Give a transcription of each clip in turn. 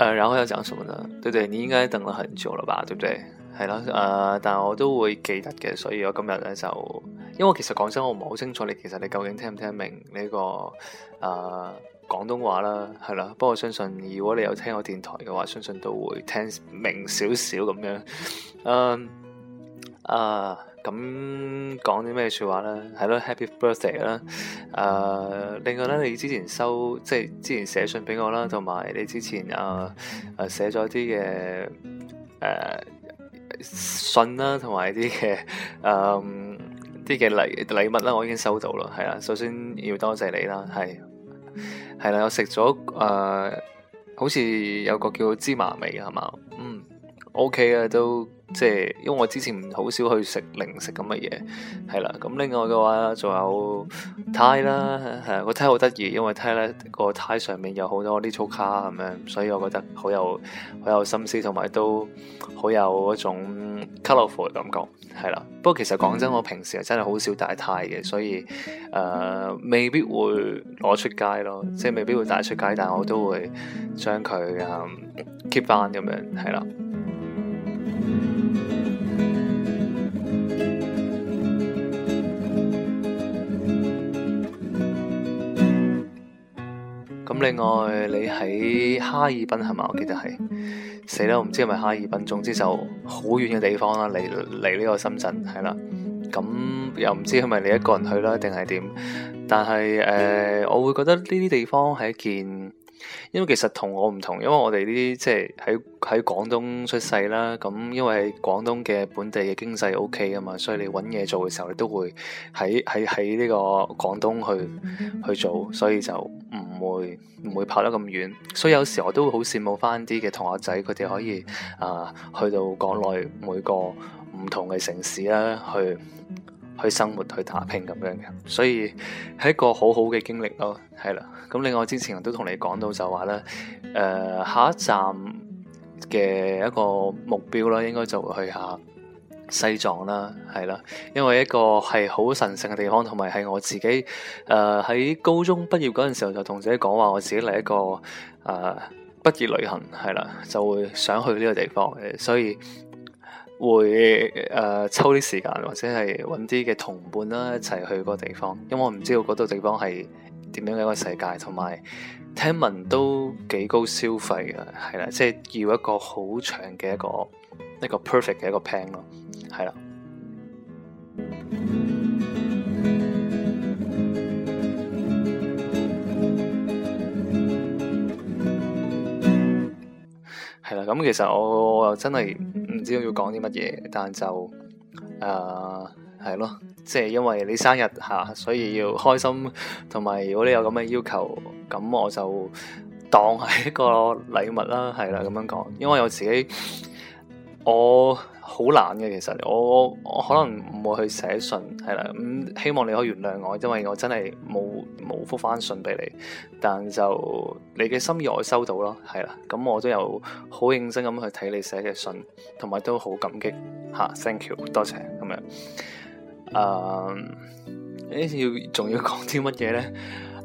誒，uh, 然後要講什麼呢？對對，你應該等了很久了吧？對不對？係啦，誒、呃，但我都會記得嘅，所以我今日咧就，因為其實講真，我唔係好清楚你其實你究竟聽唔聽明呢、這個誒、呃、廣東話啦，係啦。不過相信如果你有聽我電台嘅話，相信都會聽明少少咁樣。嗯、呃，啊、呃。咁講啲咩說話咧？係咯，Happy Birthday 啦！誒、呃，另外咧，你之前收即係之前寫信俾我啦，同埋你之前誒誒寫咗啲嘅誒信啦，同埋啲嘅誒啲嘅禮禮物啦，我已經收到啦，係啦，首先要多謝你啦，係係啦，我食咗誒，好似有個叫芝麻味嘅係嘛？嗯，OK 啊，都。即係因為我之前好少去食零食咁嘅嘢，係啦。咁另外嘅話，仲有 tie 啦，個 tie 好得意，因為 tie 呢個 tie 上面有好多啲 little car 咁樣，所以我覺得好有好有心思，同埋都好有嗰種 colorful 嘅感覺，係啦。不過其實講真，我平時係真係好少戴 tie 嘅，所以誒、呃、未必會攞出街咯，即係未必會戴出街，但我都會將佢誒、嗯、keep 翻咁樣，係啦。.咁另外，你喺哈爾濱係咪？我記得係，死啦！我唔知係咪哈爾濱，總之就好遠嘅地方啦。嚟嚟呢個深圳係啦，咁又唔知係咪你一個人去啦，定係點？但係誒、呃，我會覺得呢啲地方係一件。因為其實同我唔同，因為我哋呢啲即係喺喺廣東出世啦，咁因為喺廣東嘅本地嘅經濟 OK 啊嘛，所以你揾嘢做嘅時候，你都會喺喺喺呢個廣東去去做，所以就唔會唔會跑得咁遠。所以有時我都好羨慕翻啲嘅同學仔，佢哋可以啊去到國內每個唔同嘅城市啦去。去生活去打拼咁樣嘅，所以係一個好好嘅經歷咯，係啦。咁另外之前我都同你講到就話咧，誒、呃、下一站嘅一個目標啦，應該就會去下西藏啦，係啦，因為一個係好神聖嘅地方，同埋係我自己誒喺、呃、高中畢業嗰陣時候就同自己講話，我自己嚟一個誒、呃、畢業旅行，係啦，就會想去呢個地方嘅，所以。會誒、呃、抽啲時間，或者係揾啲嘅同伴啦，一齊去個地方。因為我唔知道嗰度地方係點樣嘅一個世界，同埋聽聞都幾高消費嘅，係啦，即係要一個好長嘅一個一個 perfect 嘅一個 plan 咯，係啦。係啦，咁其實我我又真係唔知道要講啲乜嘢，但就誒係咯，即係因為你生日吓，所以要開心，同埋如果你有咁嘅要求，咁我就當係一個禮物啦，係啦咁樣講，因為我自己。我好懶嘅，其實我我可能唔會去寫信，係啦咁，希望你可以原諒我，因為我真係冇冇覆翻信俾你，但就你嘅心意我收到咯，係啦，咁、嗯、我都有好認真咁去睇你寫嘅信，同埋都好感激吓、啊、，thank you，多謝咁樣，誒、呃，呢、欸、次要仲要講啲乜嘢呢？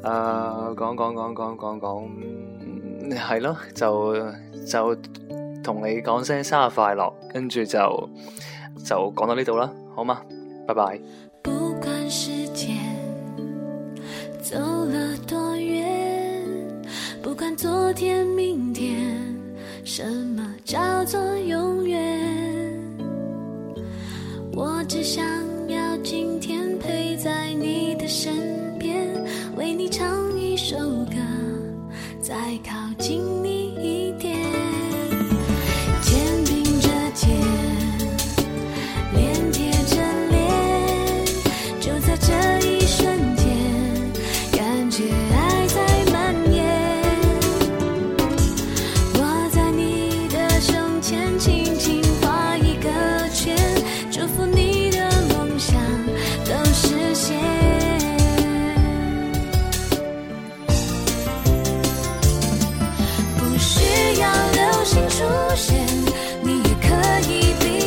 誒、呃，講講講講講講，係咯、嗯，就就。同你講聲生日快樂，跟住就就講到呢度啦，好嗎？拜拜。不管時間走了多遠，不管昨天、明天，天明什麼叫做永遠。我只想要今天陪在你你的身邊，為你唱一首歌。再靠近。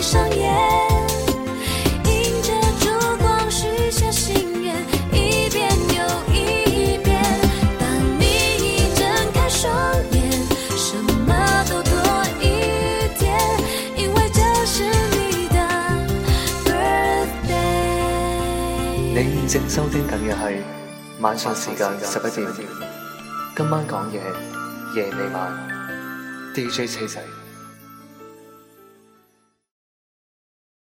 你正收聽緊嘅係晚上時間十一點，今晚講嘢，夜未晚，DJ 車仔。